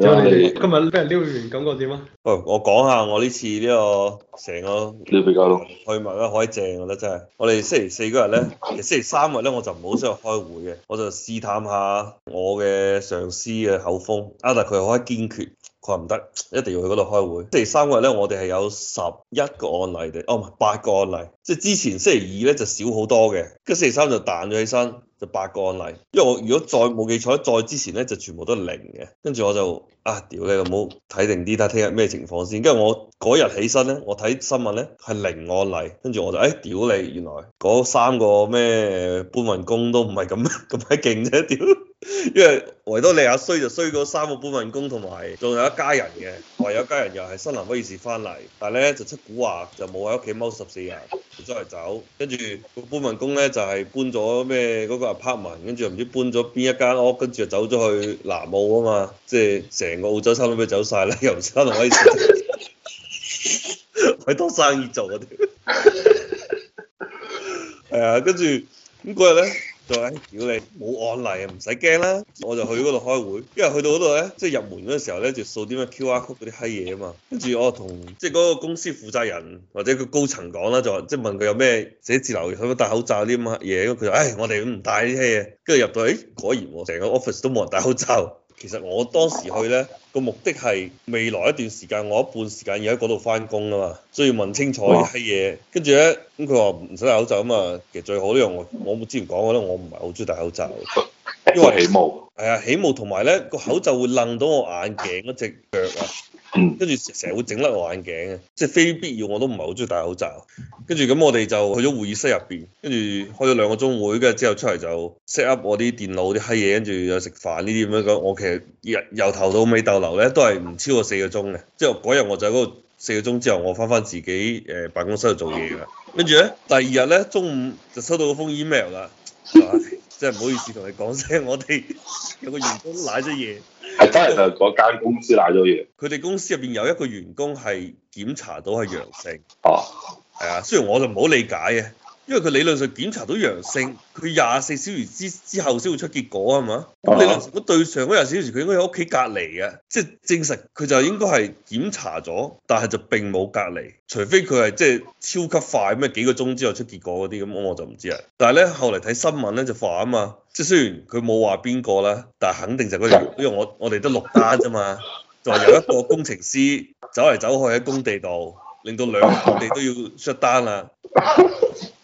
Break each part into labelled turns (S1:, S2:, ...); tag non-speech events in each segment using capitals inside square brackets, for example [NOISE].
S1: 今日俾人撩完，感覺點啊？哦，我講下我呢次呢個成個撩比較濃，去埋咧，好鬼正，我覺得真係。我哋星期四嗰日咧，其實星期三日咧，我就唔好想去開會嘅，我就試探下我嘅上司嘅口風。啊，但係佢好鬼堅決。我唔得，一定要去嗰度開會。星期三嗰日咧，我哋係有十一個案例嘅，哦唔係八個案例。即係之前星期二咧就少好多嘅，跟住星期三就彈咗起身，就八個案例。因為我如果再冇記錯，再之前咧就全部都係零嘅。跟住我就啊屌你老母，睇定啲，睇下聽日咩情況先。跟住我嗰日起身咧，我睇新聞咧係零案例，跟住我就哎、欸、屌你，原來嗰三個咩搬運工都唔係咁咁閪勁啫屌！因為維多利亞衰就衰咗三個搬運工同埋仲有一家人嘅，唯有一家人又係新南威爾士翻嚟，但係咧就出蠱惑就冇喺屋企踎十四日，就出嚟走，走，跟住個呢、就是、搬運工咧就係搬咗咩嗰個 apartment，跟住唔知搬咗邊一間屋，跟住就走咗去南澳啊嘛，即係成個澳洲差佬咪走晒啦，又唔新南威爾士，佢 [LAUGHS] 多生意做啊條，係 [LAUGHS] 啊，跟住咁日咧。就如果你冇案例啊，唔使驚啦。我就去嗰度開會，因為去到嗰度咧，即係入門嗰陣時候咧，就掃啲咩 QR code 嗰啲閪嘢啊嘛。跟住我同即係嗰個公司負責人或者個高層講啦，就話即係問佢有咩寫字樓使唔使戴口罩啲咁嘅嘢。咁佢就唉、哎，我哋唔戴啲閪嘢。跟住入到誒、哎，果然喎，成個 office 都冇人戴口罩。其實我當時去咧，個目的係未來一段時間我一半時間要喺嗰度翻工啊嘛，所以要問清楚呢啲嘢。跟住咧，咁佢話唔使戴口罩啊嘛。其實最好呢樣我我之前講嘅咧，我唔係好中意戴口罩，因為起霧毛。係啊，起霧同埋咧，個口罩會濾到我眼鏡嗰隻腳啊。跟住成日會整甩我眼鏡嘅，即係非必要我都唔係好中意戴口罩。跟住咁我哋就去咗會議室入邊，跟住開咗兩個鐘會，跟住之後出嚟就 set up 我啲電腦啲閪嘢，跟住又食飯呢啲咁樣講。我其實由由頭到尾逗留咧都係唔超過四個鐘嘅。之後嗰日我就喺嗰度，四個鐘之後，我返返自己誒辦公室度做嘢啦。跟住咧第二日咧中午就收到封 email 啦，即係唔好意思同你講聲，我哋有個員工瀨咗嘢。
S2: 係真係就嗰間公司瀨咗嘢，
S1: 佢哋公司入面有一個員工係檢查到係陽性。哦，係啊，雖然我就唔好理解嘅。因為佢理論上檢查到陽性，佢廿四小時之之後先會出結果啊嘛。咁理論上，如果對上嗰廿四小時，佢應該喺屋企隔離嘅，即係證實佢就應該係檢查咗，但係就並冇隔離，除非佢係即係超級快，咩幾個鐘之後出結果嗰啲咁，我就唔知啦。但係咧後嚟睇新聞咧就煩啊嘛，即係雖然佢冇話邊個啦，但係肯定就嗰樣，因為我我哋得六單啫嘛，就係有一個工程師走嚟走去喺工地度，令到兩個地都要出單啦。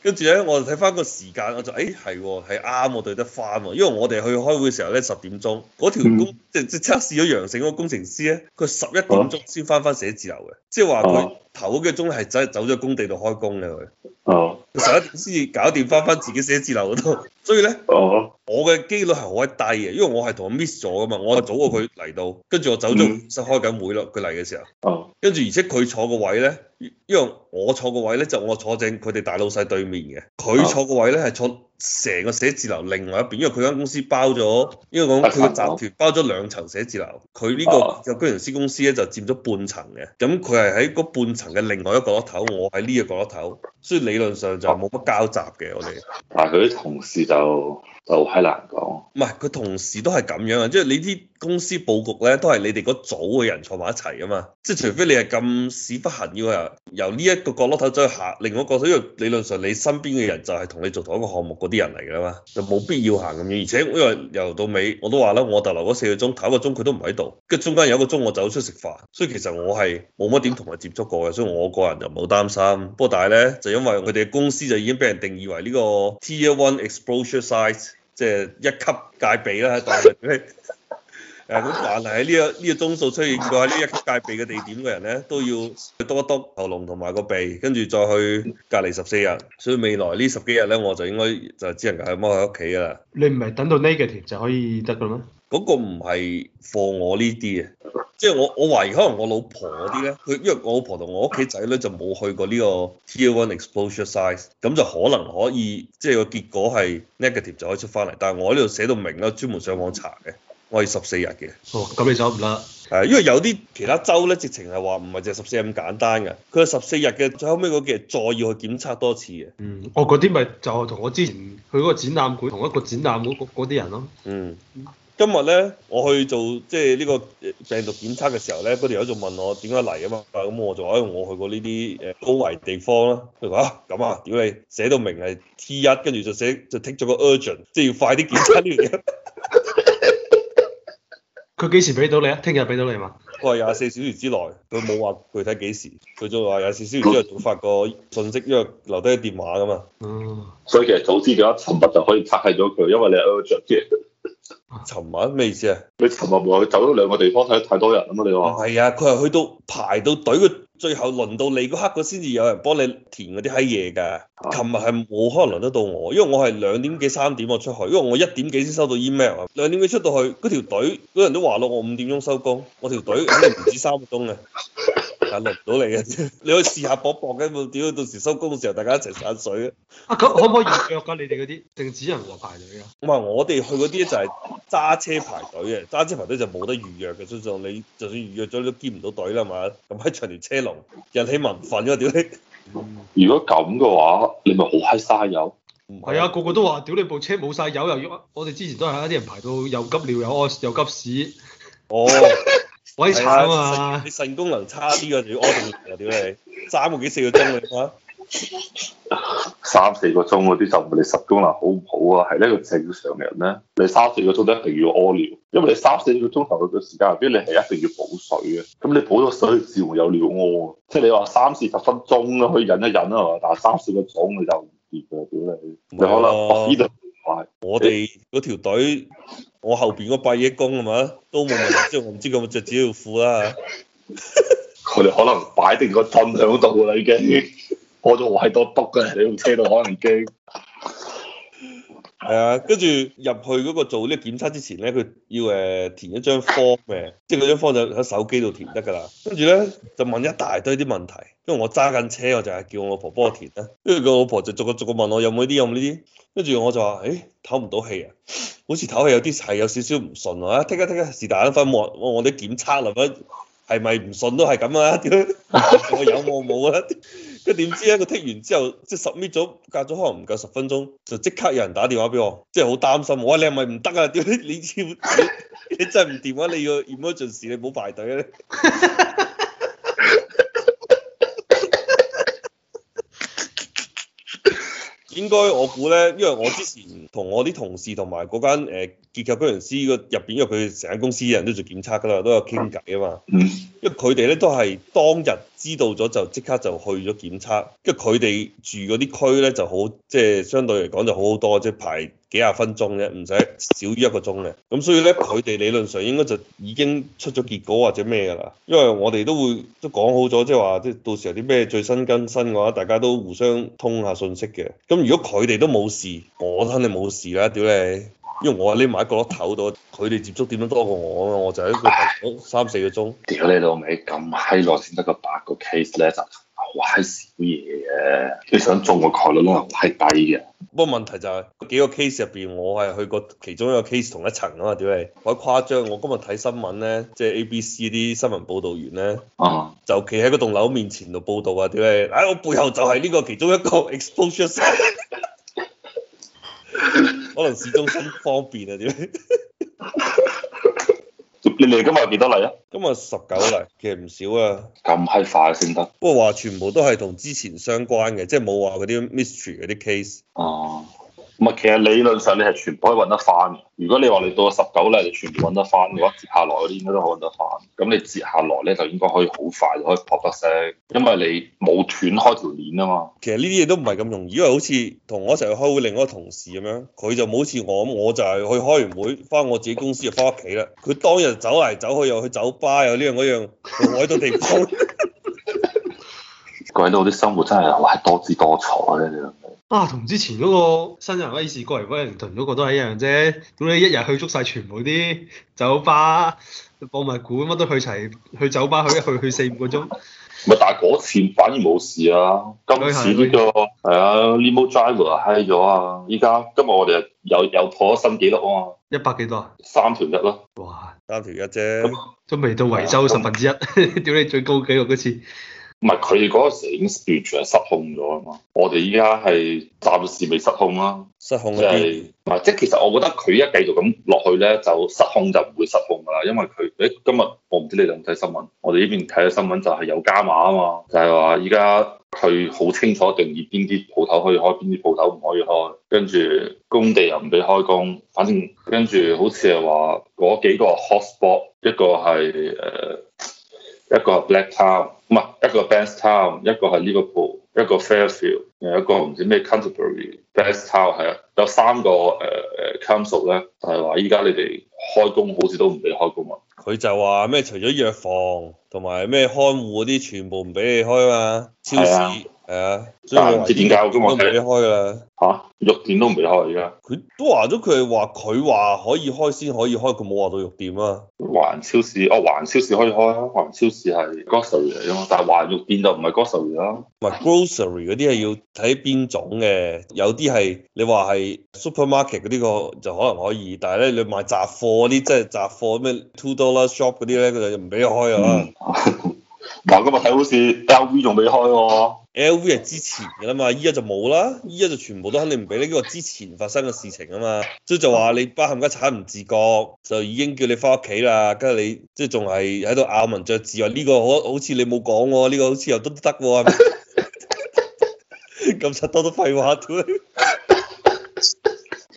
S1: 跟住咧，我睇翻個時間，我就誒係喎，係、哎、啱、哦、我對得翻喎。因為我哋去開會嘅時候咧十點鐘，嗰條工即即、嗯、測試咗陽性嗰個工程師咧，佢十一點鐘先翻翻寫字樓嘅，即係話佢頭嗰幾鐘係走走咗工地度開工嘅。佢。哦，佢十一點先至搞掂翻翻自己寫字樓嗰度，所以咧，嗯、我嘅機率係好低嘅，因為我係同佢 miss 咗噶嘛，我係早過佢嚟到，跟住我走咗先、嗯、開緊會咯，佢嚟嘅時候，跟住而且佢坐個位咧，因為我坐個位咧就我坐正佢哋大老細對面。邊嘅？佢坐，位坐個位咧係坐成個寫字樓另外一邊，因為佢間公司包咗，因為講佢個集團包咗兩層寫字樓，佢呢個個居聯公司咧就佔咗半層嘅。咁佢係喺嗰半層嘅另外一個屋頭，我喺呢個個屋頭，所以理論上就冇乜交集嘅。我哋，
S2: 但係佢啲同事就。就係難
S1: 講，唔係佢同時都係咁樣啊，即係你啲公司佈局咧，都係你哋嗰組嘅人坐埋一齊啊嘛，即係除非你係咁屎不行要係由呢一個角落頭走去行另外一個角落，因為理論上你身邊嘅人就係同你做同一個項目嗰啲人嚟噶嘛，就冇必要行咁樣。而且因為由到尾我都話啦，我特留嗰四個鐘，第一個鐘佢都唔喺度，跟住中間有一個鐘我走出去食飯，所以其實我係冇乜點同佢接觸過嘅，所以我個人就冇擔心。不過但係咧，就因為佢哋公司就已經俾人定義為呢個 Tier One Exposure Site。即係一級戒備啦、 [LAUGHS] 這個，喺大誒，咁凡係喺呢個呢個鐘數出現過喺呢一級戒備嘅地點嘅人咧，都要去篤一篤喉嚨同埋個鼻，跟住再去隔離十四日。所以未來呢十幾日咧，我就應該就只能夠係踎喺屋企㗎啦。你唔係等到 negative 就可以得㗎咩？嗰個唔係放我呢啲啊，即係我我懷疑可能我老婆嗰啲咧，佢因為我老婆同我屋企仔咧就冇去過呢個 T1 exposure size，咁就可能可以即係個結果係 negative 就可以出翻嚟，但係我呢度寫到明啦，專門上網查嘅，我係十四日嘅。哦，咁你走唔得。係，因為有啲其他州咧，直情係話唔係淨係十四咁簡單嘅，佢係十四日嘅，最後尾嗰幾日再要去檢測多次嘅。嗯，我嗰啲咪就係同我之前去嗰個展覽館同一個展覽館嗰啲人咯。嗯。今日咧，我去做即係呢個病毒檢測嘅時候咧，嗰條友仲問我點解嚟啊嘛，咁我就話因為我去過呢啲誒高危地方啦。佢話咁啊，屌你寫到明係 T 一，跟住就寫就剔咗個 urgent，即係要快啲檢測呢樣嘢。佢幾 [LAUGHS] 時俾到你啊？聽日俾到你嘛？我話廿四小時之內，佢冇話具體幾時，佢就話廿四小時之內會發個信息，嗯、因為留低個電話噶嘛。嗯，
S2: 所以其實早知咁樣，尋日就可以拆開咗佢，因為你係 urgent。尋日咩意思啊？你尋日話佢走咗兩個地方睇太多人啊嘛？你話
S1: 係啊？佢係去到排到隊嘅最後輪到你嗰刻，佢先至有人幫你填嗰啲閪嘢噶。尋日係冇可能輪得到我，因為我係兩點幾三點我出去，因為我一點幾先收到 email，兩點幾出到去，嗰條隊嗰人都話咯，我五點鐘收工，我條隊肯定唔止三個鐘啊。入唔到嚟嘅， [LAUGHS] 你可以試下搏搏嘅，冇點到時收工嘅時候，大家一齊散水 [LAUGHS] 啊！咁可唔可以預約啊？你哋嗰啲定只人和排隊啊？唔係，我哋去嗰啲就係揸車排隊嘅，揸車排隊就冇得預約嘅。就算你就算預約咗，都見唔到隊啦嘛。咁喺長條車龍，人起民憤咗屌你！嗯、
S2: 如果咁嘅話，你咪好閪嘥油。
S1: 係啊，啊，個個都話：屌你部車冇晒油又，我哋之前都係啲人排到又急尿又又急屎。哦。 [LAUGHS] [LAUGHS] [LAUGHS] 鬼慘啊嘛！ [LAUGHS] 你腎功
S2: 能差啲嘅仲要屙尿啊！屌你，三個幾四個鐘啊嘛？三四個鐘嗰啲就唔理你腎功能好唔好啊，係呢個正常人咧，你三四個鐘都一定要屙尿，因為你三四個鐘頭嘅時間入邊，你係一定要補水嘅。咁你補咗水，自然會有尿屙。即係你話三四十分鐘都可以忍一忍咯，係嘛？但係三四個鐘你就唔掂嘅，屌你！你可能呢度，
S1: 我哋嗰條隊。我後邊嗰八億公係咪都冇，即係我唔知佢咪着
S2: 紙尿褲啦。佢哋可能擺定個針響度嚟嘅，我仲喺度篤嘅，你部車度可能驚。係啊，
S1: 跟住入去嗰個做啲檢測之前咧，佢要誒填一張科 o 嘅，即係嗰張科就喺手機度填得噶啦。跟住咧就問一大堆啲問題，跟住我揸緊車，我就係叫我老婆幫我填啦。跟住個老婆就逐個逐個問我有冇呢啲，有冇呢啲。跟住我就話，誒、欸，唞唔到氣啊，好似唞氣有啲係有少少唔順啊。聽啊聽啊，是但一分我望啲檢測啦。係咪唔信都係咁啊？ [LAUGHS] 我有我冇啊？佢住點知咧？佢剔完之後，即十米咗隔咗可能唔夠十分鐘，就即刻有人打電話俾我，即係好擔心。我話你係咪唔得啊？點你要、啊、 [LAUGHS] 你真係唔掂啊？你要 emergency，你唔好排隊啊？ [LAUGHS] 應該我估咧，因為我之前同我啲同事同埋嗰間誒結構工程師入邊，因為佢成間公司嘅人都做檢測㗎啦，都有傾偈啊嘛。因為佢哋咧都係當日知道咗就即刻就去咗檢測，跟住佢哋住嗰啲區咧就好，即係相對嚟講就好好多，即係排。幾廿分鐘啫，唔使少於一個鐘咧。咁所以咧，佢哋理論上應該就已經出咗結果或者咩噶啦。因為我哋都會都講好咗，即係話即係到時候啲咩最新更新嘅話，大家都互相通下信息嘅。咁如果佢哋都冇事，我都肯定冇事啦，屌你！因為我係匿埋一個窩頭度，佢哋接觸點樣多過我啊，我就喺係一屋三四個鐘，
S2: 哎。屌你老味，咁閪耐先得個八個 case 咧，哇，事少嘢嘅，你想中個概率都係低嘅。
S1: 不過問題就係、
S2: 是、幾個 case 入邊，
S1: 我係去過其中一個 case 同一層啊嘛，點解好誇張？我今日睇新聞咧，即係 A B C 啲新聞報道員咧，啊、就企喺嗰棟樓面前度報導啊，點解？唉、哎，我背後就係呢個其中一個 exposure， [LAUGHS] 可能市中心方便啊，點？
S2: 你哋今日幾多例啊？今日十九例，其實唔少啊。咁閪快先得。
S1: 不過話全部都係同之前相關嘅，即係冇話嗰啲 mystery，嗰啲 case。哦、
S2: 啊。唔係，其實理論上你係全部可以揾得翻，如果你話你到十九咧，你全部揾得翻嘅話，接下來啲應該都可以揾得翻。咁你接下來咧，就應該可以好快就可以撲得息，因為你冇斷開條鏈啊
S1: 嘛。其實呢啲嘢都唔係咁容易，因為好似同我一齊去開會另一個同事咁樣，佢就冇似我，我就係去開完會翻我自己公司就翻屋企啦。佢當日走嚟走去又去酒吧又呢樣嗰樣，佢喺度地方。
S2: 佢喺度啲生活真係哇多姿多彩咧、啊！啊，同之前嗰個新人威士過嚟威靈頓嗰個
S1: 都係一樣啫。咁你一日去足晒全部啲酒吧、博物館，乜都去齊，去酒吧去一去去四五個鐘。
S2: 唔係，但係嗰次反而冇事啊。咁今呢啫、嗰個，係啊 limo driver hi 咗。依家今日我哋又又破咗新紀錄啊！多
S1: 一百幾多啊？
S2: 三條一咯。哇，
S1: 三條一啫。咁
S2: 都未到維州十分之一。屌你、嗯、 [LAUGHS] 最高紀錄嗰次。唔係佢哋嗰個時已經完全係失控咗啊嘛，我哋依家係暫時未失控啦。失控嗰，唔係，即係其實我覺得佢一家繼續咁落去咧，就失控就唔會失控噶啦，因為佢誒、欸、今日我唔知你哋有冇睇新聞，我哋呢邊睇嘅新聞就係有加碼啊嘛，就係話依家佢好清楚定義邊啲鋪頭可以開，邊啲鋪頭唔可以開，跟住工地又唔俾開工，反正跟住好似係話嗰幾個 hot spot，一個係誒。呃一個 Blacktown，唔係一個 Bankstown，一個係 Liverpool，一個 Fairfield，有一個唔知咩 Canterbury Bankstown 係啊，有三個誒誒 Council 咧，uh, Council, 就係話依家你哋開工好似都唔俾開工啊！
S1: 佢就話咩？除咗藥房同埋咩看護啲，全部唔俾你開啊超市。係啊，所以唔點解我今日都未開啦嚇，肉店都唔俾開而家。佢、啊、都話咗，佢係話佢話可以開先可以開，佢冇話到肉店啊。環
S2: 超市哦，環超市可以開啊，環超市係 grocery 嚟啊，但係環肉店就唔係 grocery 啊。唔係
S1: grocery 嗰啲係要睇邊種嘅，有啲係你話係 supermarket 嗰啲個就可能可以，但係咧你買雜貨嗰啲即係雜貨咩 two dollar shop 嗰啲咧，佢就唔俾開啊。嗯 [LAUGHS]
S2: 嗱，今日睇好似 L V 仲未開喎、
S1: 啊、，L V 係之前嘅啦嘛，依家就冇啦，依家就全部都肯定唔俾呢個之前發生嘅事情啊嘛，即係就話你包冚家鏟唔自覺，就已經叫你翻屋企啦，跟住你即係仲係喺度咬文嚼字話呢個好好似你冇講喎，呢個好似、哦這個、又都得喎、哦，咁柒多都廢話添，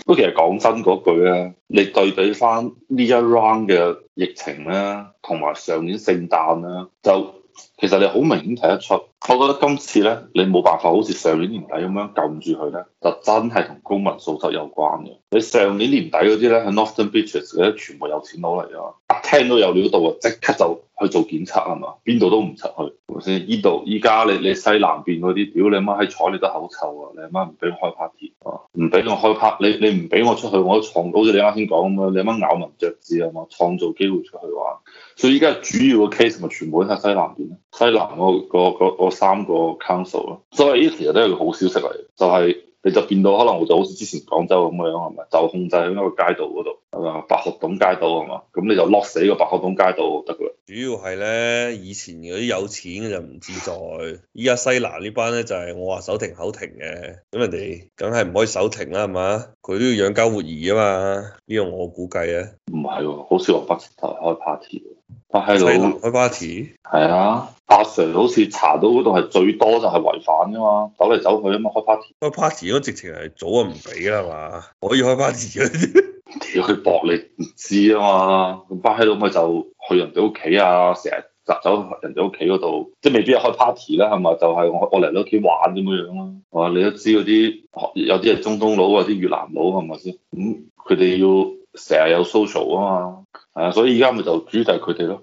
S1: 不過
S2: 其實講真嗰句啊，你對比翻呢一 round 嘅疫情啦，同埋上年聖誕啦，就。其實你好明顯睇得出，我覺得今次咧，你冇辦法好似上年年底咁樣撳住佢咧，就真係同公民素質有關嘅。你上年年底嗰啲咧，喺 Northern Beaches 嗰啲全部有錢佬嚟㗎，聽到有料到啊，即刻就去做檢測啊嘛，邊度都唔出去，係咪先？依度依家你你西南邊嗰啲，屌你媽閪，睬你都口臭啊！你媽唔俾、啊、我開 party，唔俾我開 party，你你唔俾我出去，我都創好似你啱先講咁樣，你媽咬文嚼字啊嘛，創造機會出去玩。所以而家主要嘅 case 咪全部都喺西南邊咯，西南嗰、嗰、嗰、嗰、三個 council 咯，所以呢時亦都係個好消息嚟，就係、是、你就見到可能我就好似之前廣州咁嘅樣，係咪就控制喺一個街道嗰度，係嘛，白鶴洞街道係嘛，咁你就落死個白鶴洞街道就得㗎喇。
S1: 主要係咧，以前嗰啲有錢嘅就唔自在，依家西拿呢班咧就係、是、我話手停口停嘅，咁人哋梗係唔可以手停啦，係嘛？佢都要養家活兒
S2: 啊嘛，呢個我估計啊，唔係、啊，好少話北台開 party，北溪佬開 party，係啊，阿 Sir 好似查到嗰度係最多就係違反噶嘛，走嚟走去啊嘛，開 party，開 party 應該直情係早啊唔俾啦嘛，嗯、可以開 party 嘅。 [LAUGHS] 屌佢搏你唔知啊嘛，咁翻西佬咪就去人哋屋企啊，成日扎走人哋屋企嗰度，即係未必係開 party 啦，係咪？就係我我嚟你屋企玩咁樣樣咯，係嘛？你都知嗰啲有啲係中東佬啊，啲越南佬係咪先？咁佢哋要成日有 social 啊嘛，係啊，所以而家咪就主要係佢哋咯。